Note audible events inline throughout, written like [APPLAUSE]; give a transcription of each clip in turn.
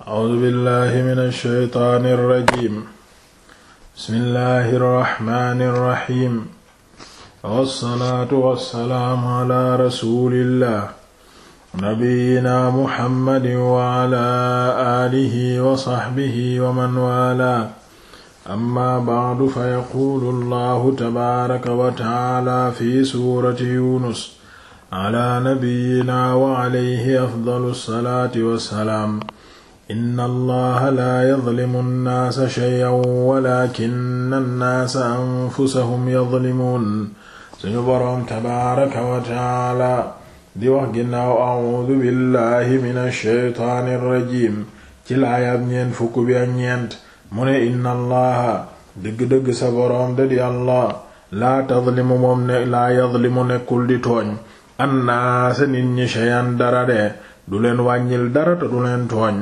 A'uuzu billahi mina shaytaani rajiim. Bismillahi rahmaani rahiim. Wassalaatu wassalaamu ala rasuulillah. Nabiyyina Muhammadin wa ala aalihi wa sahbihi wa man waalaahu. Amma ba'du fa yaquulu Allahu tabaaraka wa ta'aala fi suurati Yunus ala nabiyyina wa alayhi afdalu salaati wa salaam. inna allaha laa yadlimu nnaasa shay'an walakinna nnaasa anfusahum yadlimuun suñu boroom tabaaraka wa taala di wax ginnaaw a'uudu billahi mina shaytaani rajiim ci laayaab ñeent fukk bi ak ñeent mu ne inna allaha dëgg-dëgg sa boroom da di allah laa tadlimu moom ne laa yadlimu nekkul di tooñ annaasa nit ñi shay'an dara de du leen wàññil dara te du leen tooñ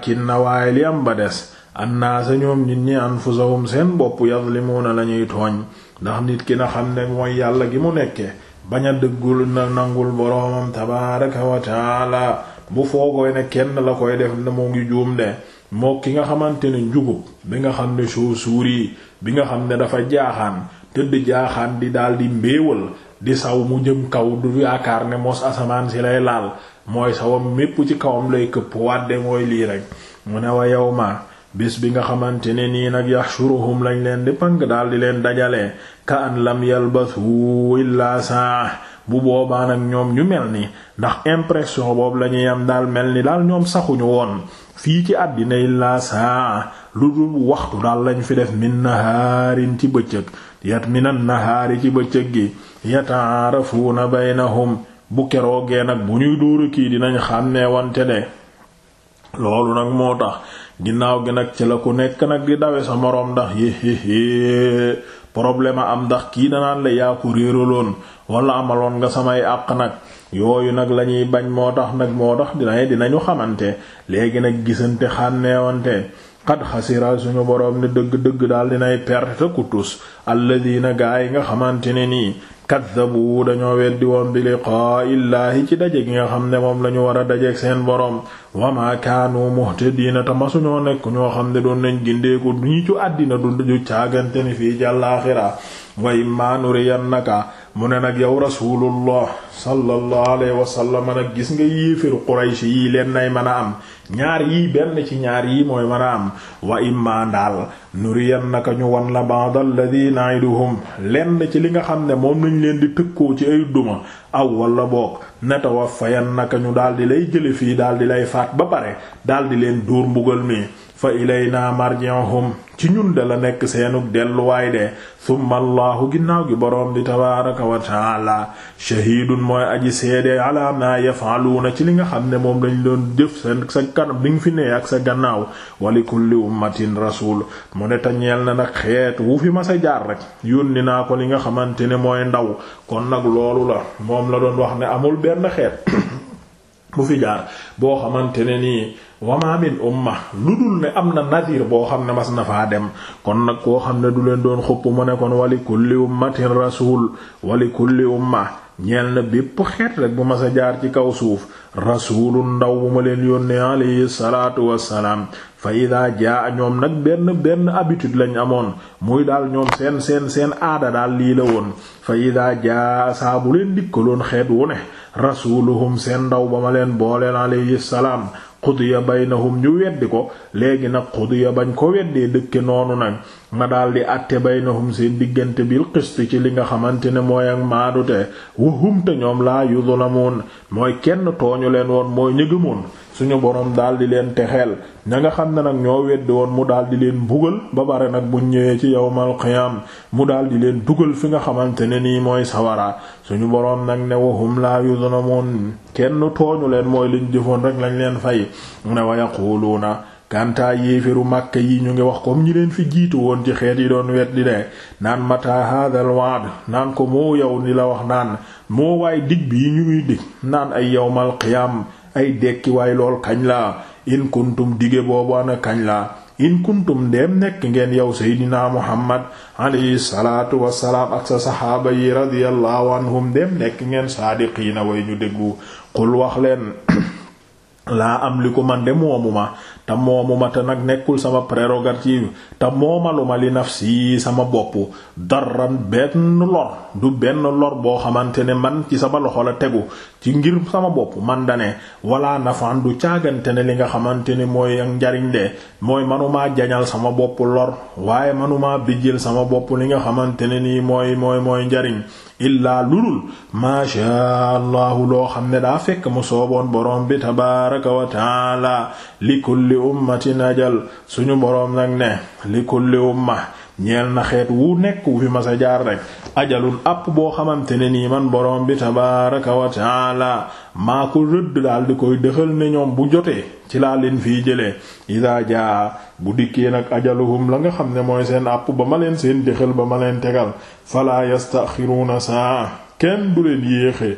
kin na waaye li am ba des annaasa ñoom nit ñi anfusahum seen bopp yazlimuuna lañuy tooñ ndax nit ki na xam ne mooy yàlla gi mu nekkee bañ a dëggul na nangul boroomam tabaaraka wa taala bu foogooy ne kenn la koy def na mu ngi juum de moo ki nga xamante ne njugub bi nga xam ne chauve-souris bi nga xam ne dafa jaaxaan tëdd jaaxaan di daldi mbéewal di saw mu jëm kaw du yaakaar ne mos asamaan si lay laal mooy sawam mépp ci kawam lay këpp wàdde mooy lii rek mu ne wa yow ma bis bi nga xamante ne nii nag yaxshuruhum lañ leen di pank daal di leen dajale ka an lam yalbasu illaa saa bu boobaa nag ñoom ñu mel ni ndax impression boobu la ñuy am daal mel ni daal ñoom saxuñu woon fii ci àddina illaa saa lu dul waxtu daal lañu fi def min nahaarin ci bëccëg yat minan nahaari ci bëccëg gi bay baynahum bu keroogee nag bu ñuy dóora kii dinañ xàmmee wante de loolu nag moo tax ginnaaw gi nag ci la ku nekk nag di dawe sa moroom ndax yi yéhéhé problème a am ndax kii danaan la yaa ko réeraloon wala amaloon nga samay àq nag yooyu nag lañuy bañ moo tax nag moo tax dinañ dinañu xamante léegi nag gisante xàmmeewante xad xasira suñu boroom ne dëgg-dëgg daal dinay perte te ku tus alladina gaa yi nga xamante ne nii kaddabu dañoo weddi woon bi illaahi ci daje gi nga xam ne moom lañu war a dajeek seen boroom wama kaanu muhtadiina te masuñoo nekk ñoo xam ne doon nañ gindeeku ñi ci àddina du du caagante ni fii ci àllaaxira way maanuri yan naka mu ne nag yow rasulullah sallallahu alayhi wasallam nag gis nga yéeféru quraysh yii leen nay mën a am ñaar yii benn ci ñaar yii mooy mën a am wa imma ndaal nuriyannaka ñu wan la ba'd alladhi lenn ci li nga xam ne moom nañ leen di tëkkoo ci ay duma aw wala boog natawaffayannaka ñu daal di lay jële fii daal di lay faat ba pare daal di leen duur mbugal mi fa ilayna marji'uhum ci ñun de la nekk seenug delluwaay de summa allahu ginnaaw gi boroom di tabaaraka wa taala shahiidun mooy aji seede ala ma yaf'aluuna ci li nga xam ne moom lañ doon jëf seen sa kanam bi nga fi ne ak sa gannaaw wali kulli ummatin rasuul mu ne tañeel na nag xeet wu fi ma sa jaar rek yónni naa ko li nga xamante ne mooy ndaw kon nag loolu la moom la doon wax ne amul benn xeet bu fi jaar boo xamante ne nii wama min umma lu dul ne am na nadir boo xam ne mas na faa dem kon nag koo xam ne du leen doon xupp mu nekkoon kon wali kulli ummatin rasul wali kulli umma ñeel na bépp xet rek bu mas a jaar ci kaw suuf rasulun ndaw bu ma leen yónnee alayhi salaatu wassalaam fa ida jaa ñoom nag benn benn habitude lañ amoon muy daal ñoom seen seen seen aada daal lii la woon fa ida jaa saabu bu leen dikkaloon xeet wu ne rasuluhum seen ndaw ba ma leen booleen alayhi salaam xudiya baynahum ñu weddi ko léegi nag xudiya bañ ko weddee dëkke noonu nag ma daldi àtte baynahum seen diggante bil qist ci li nga xamante ne mooy ak maadute te ñoom laa yuzlamun mooy kenn tooñu leen woon mooy ñëgëmoon suñu borom daal di leen texeel na nga xam ne nag ñoo weddi woon mu daal di leen mbugal ba bare nag bu ñëwee ci yawmal qiyaam mu daal di leen dugal fi nga xamante ne nii mooy sawara suñu borom nag ne wahum laa yuzlamun kenn tooñu leen mooy liñ jëfoon rek lañ leen fay mu ne wa yaquluuna kantaa yéeféru màkk yi ñu ngi wax comme ñi leen fi jiitu woon ci xeet yi doon wet di dee naan mata hadal waad naan ko moo yow ni la wax naan moo waay dig bi yi ñu ngi ay dekki waay lool kañ la in kuntum dige boobu kañ la in kuntum dem nekk ngeen yow seydinaa muhammad alayhi salaatu wassalaam ak sa saxaaba yi radiyallahu anhum dem nekk ngeen saadiqiina way ñu déggu qul wax leen laa am li ko man de moomuma te moomuma te nag nekkul sama prérogative te moomaluma li nafsi sama bopp darran benn lor du benn lor boo xamante ne man ci sama loxo la tegu ci ngir sama bopp man dane wala nafaan du càggante ne li nga xamante ni mooy njariñ de mooy manumaa jañal sama bopp lor waaye manumaa bijjil sama bopp li nga xamante ne nii mooy mooy mooy njariñ illaa ma maasha allahu loo xam ne daa fekk mu sooboon boroom bi tabaaraka wa taala li kulli ummatin ajal suñu boroom nag ne li kulli umma ñeel na xeet wu nekk wu fi masa jaar rek ajalul app boo xamante ne nii man borom bi tabaaraka wa taala maa ko rëdd daal di koy dëxal ne ñoom bu jotee ci laa leen fii jëlee idaa jaa bu dikkee nag ajaluhum la nga xam ne mooy seen app ba ma leen seen dëxal ba ma leen tegal falaa yastaxiruuna saa kenn du leen yéexe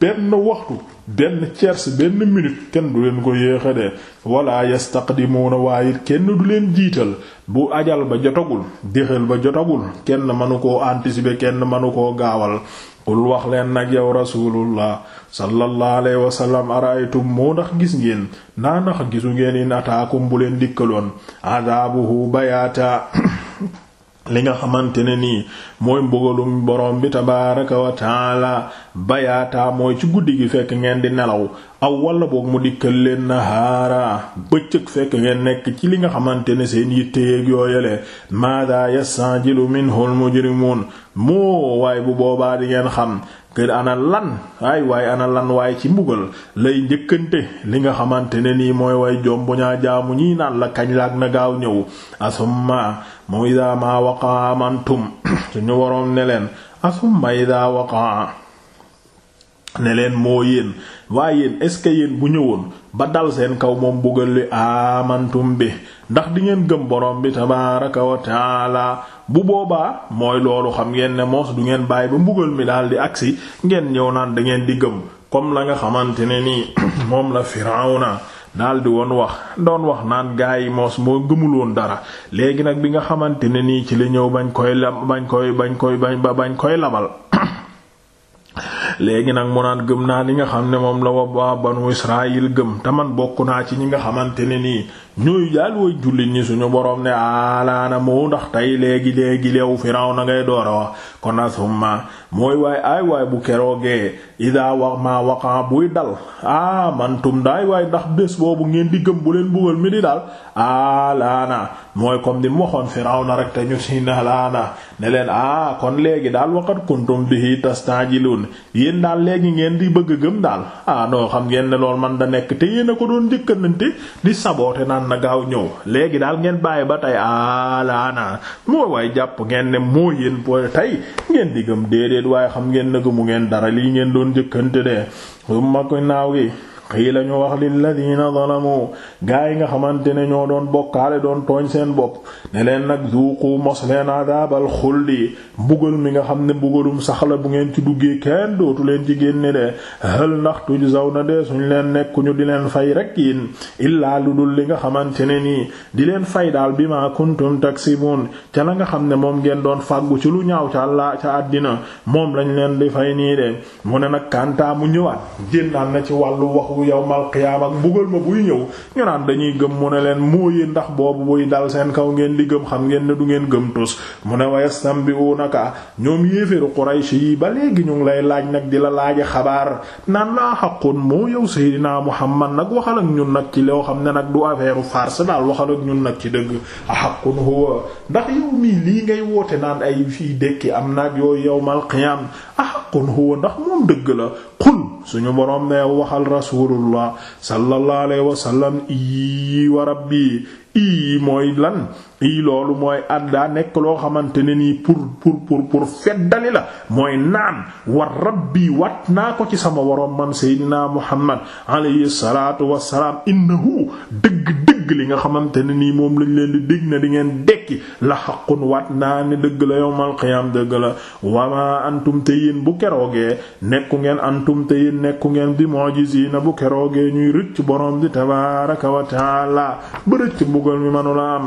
benn waxtu benn tiers benn minute kenn du leen ko yéexa de wala yastaqdimuuna waaye kenn du leen jiital bu ajal ba jotagul déxal ba jotagul kenn mënu ko anticiper kenn mënu koo gaawal qul wax leen nag yow rasulullah sallallahu alayhi wa sallam araaytum moo ndax gis ngeen naa ndax gisu ngeen in ataakum bu leen dikkaloon adaabuhu bayaata li nga xamante ne nii mooy mbugalum borom bi tabaaraka wa bayaata bayaataa mooy ci guddi gi fekk ngeen di nelaw aw walla boog mu dikkal leen nahaara bëccëg fekk ngeen nekk ci li nga xamante ne seen yitte yeeg yooyale maada yastanjilu minhul mujrimun moo waaye bu boobaa di ngeen xam kër ana lan ay waaye ana lan waaye ci mbugal lay njëkkante li nga xamante ne nii mooy way jom bu ñaa jaamu ñii naan la kañ laak na gaaw ñëw asumma mu idaa ma waqaa amantum [COUGHS] suñu waroom ne leen asumma idaa waqaa ne leen moo yéen waaye yéen est ce que yéen bu ñëwoon ba dal seen kaw moom bugal li amantum bi ndax di ngeen gëm borom bi tabaaraka wa taala bu boobaa mooy loolu xam ngeen ne moos du ngeen bàyyi ba mbugal mi daal di agsi ngeen ñëw naan da ngeen di gëm comme la nga xamante ne nii [CLEARS THROAT] moom la Firawna daal di woon wax doon wax naan gaa yi moos moo gëmuloon dara léegi nag bi nga xamante ne nii ci li ñëw bañ koy la bañ koy bañ koy bañ ba bañ koy labal léegi nag mu naan gëm naa li nga xam ne moom la wa waa banu Israayil gëm te man bokk naa ci ñi nga xamante ne nii ñooy jaal woy jullit ñi suñu boroom ne alaana mu ndax tey léegi léegi leew firaw na ngay doora wa kon asumma mooy waay ay waay bu keroogee ida wax maa waqan buy dal a mantum daay waay ndax bés boobu ngeen di gëm bu leen bugal mi di dal alaana mooy comme ni mu waxoon firaw na rek te ñu si alaana ne leen a kon léegi daal waqat kuntum bihi tastajilun yéen daal léegi ngeen di bëgg gëm daal a noo xam ngeen lool man da nekk te yéen ko doon kon na gaaw ñëw léegi daal ngeen bàyyi ba tey alaana moo waay jàpp ngeen ne moo yéen po tey ngeen di gëm déedéet waaye xam ngeen ne mu ngeen dara lii ngeen doon jëkkante de bu mag naaw gi xiila ñu wax lilladina zalamu gaa yi nga xamante ne ñoo doon bokkaale doon tooñ seen bopp ne leen nag zuuqu mos leen adaabal xuldi mbugal mi nga xam ne mbugalum saxla bu ngeen ci duggee kenn dootu leen ci génne de hal ndax tujzawna de suñ leen nekkuñu di leen fay rek yi illaa lu dul li nga xamante ne nii di leen fay daal bi ma kuntum taksibun ca la nga xam ne moom ngeen doon fàggu ci lu ñaaw ca ca àddina moom lañ leen di fay nii de mu ne nag kàntaa mu ñëwaat génnaal na boobu yawmal qiyaam ak mbugal ma buy ñëw ñu naan dañuy gëm mu ne leen mooy ndax boobu buy dal seen kaw ngeen di gëm xam ngeen ne du ngeen gëm tus mu ne wayastambi'unaka ñoom yéeféeru Quraysh yi ba léegi ñu ngi lay laaj nag di la laaje xabaar naan laa xaqoon moo yow Seydina Muhammad nag waxal ak ñun nag ci loo xam ne nag du affaire farce daal waxal ak ñun nag ci dëgg a xaqun huwa ndax yow mii lii ngay woote naan ay fii dekki am naag yooyu yow qiyaam qul huwa ndax moom dëgg la qul suñu boroom ne waxal rasulullah sallallahu alayhi wa sallam ii ii mooy lan ii loolu mooy addaa nekk loo xamante ne nii pour pour pour pour feddali la mooy naan war rabbi wat naa ko ci sama waroom man seydinaa muhammad alayhi salaatu wassalaam innahu dëgg li nga xamante ne nii moom lañ leen di dégg na di ngeen dekki la xaqun wat naa ne dëgg la yowmal qiyaam dëgg la wama antum te yéen bu keroogee nekku ngeen antum te yéen nekku ngeen bi mu'jizina bu keroogee ñuy rëcc borom di tabaaraka wa ba rëcc bu mbugal mi manula am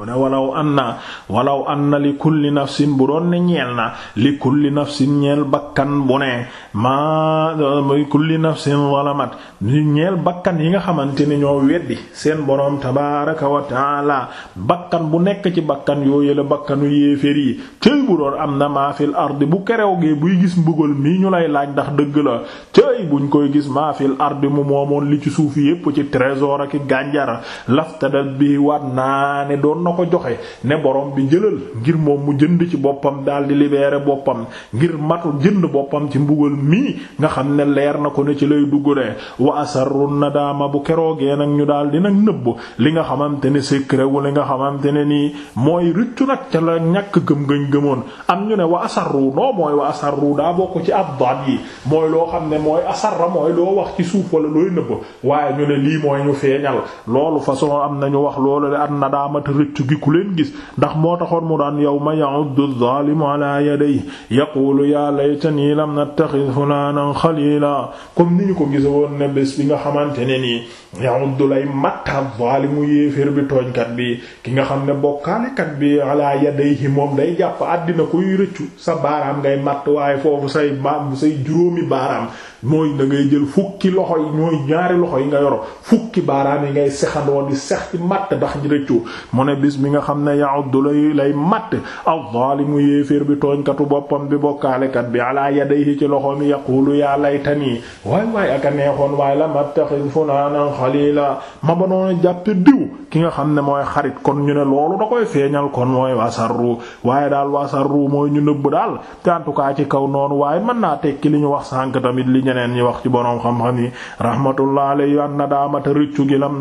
mu ne walaw anna na anna li kulli nafsin bu doon ne ñeel na li kulli nafsin ñeel bakkan bu ne ma li kulli nafsin zalamat ñeel bakkan yi nga xamante ne ñoo weddi seen boroom tabaaraka wa bakkan bu nekk ci bakkan yooyu la bakkanu yéeféer yi cëy bu doon am na maa fil ardi bu kerew gi buy gis mbugal mii ñu lay laaj ndax dëgg la cëy buñ koy gis maa ardi mu moomoon li ci suuf yépp ci trésor ak gànjar laftadat bi waat naa ne doon na ko joxe ne borom bi jëlal ngir moom mu jënd ci boppam daal di libéré boppam ngir matu jënd boppam ci mbugal mii nga xam ne leer na ko ne ci lay dugg de wa asarru nadaama bu keroogee nag ñu daal di nag nëbb li nga xamante ne secret wu li nga xamante ne nii mooy rëccu nag ca la ñàkk gëm gëñ gëmoon am ñu ne wa asarru noo mooy wa asarru daa bokk ci ab daat yi mooy loo xam ne mooy asarra mooy loo wax ci suuf wala looy nëbb waaye ñu ne lii mooy mucc gi ku leen gis ndax moo taxoon mu daan yawma ya'uddu adh-dhalimu ya yadayhi yaqulu ya laytani lam nattakhidh fulanan khalila comme ni ñu ko gisa woon ne bés bi nga xamante ne nii ya'uddu lay matta adh-dhalimu yéeféer bi tooñkat bi ki nga xam ne kat bi ala yadayhi moom day jàpp àddina kuy rëccu sa baaraam ngay matt waaye foofu say baam say juróomi baaraam mooy da jël fukki loxo yi ñooy ñaari loxo yi nga yoro fukki baaraam yi ngay sexandoo bis bi nga xam ne ya'uddu lay lay matt az-zalimu yéeféer bi tooñkatu boppam bi bokkaalekat bi ala yadayhi ci loxoom yaqulu yaa laytanii waay waay ak a neexoon waay la mattaxid fulaanan xaliila ma ba noonu jàppe diw ki nga xam ne mooy xarit kon ñu ne loolu da koy feeñal kon mooy wasarru waaye daal wasarru mooy ñu nëbb daal en tout cas ci kaw noonu waaye mën naa tekki li ñu wax sànk tamit li ñeneen ñi wax ci boroom xam-xam yi rahmatullah alayhi an nadaamata rëccu gi lam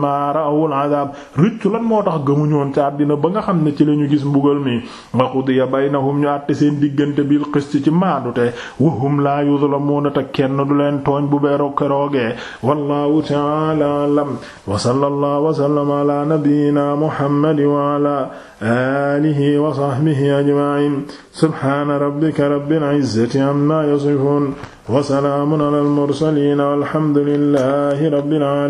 àddina ba nga xam ne ci la ñu gis mbugal mi wa qudiya baynahum ñu àtte seen diggante bil qist ci maadute wa hum laa yuzlamuuna te kenn du leen tooñ bu beero keroogee wallahu ta'ala a'lam wa sallallahu wa sallama ala nabiyyina muhammadin wa ala alihi wa sahbihi ajma'in subhana rabbika rabbil izzati amma yasifun wa salaamun ala al mursalin walhamdulillahi rabbil alamin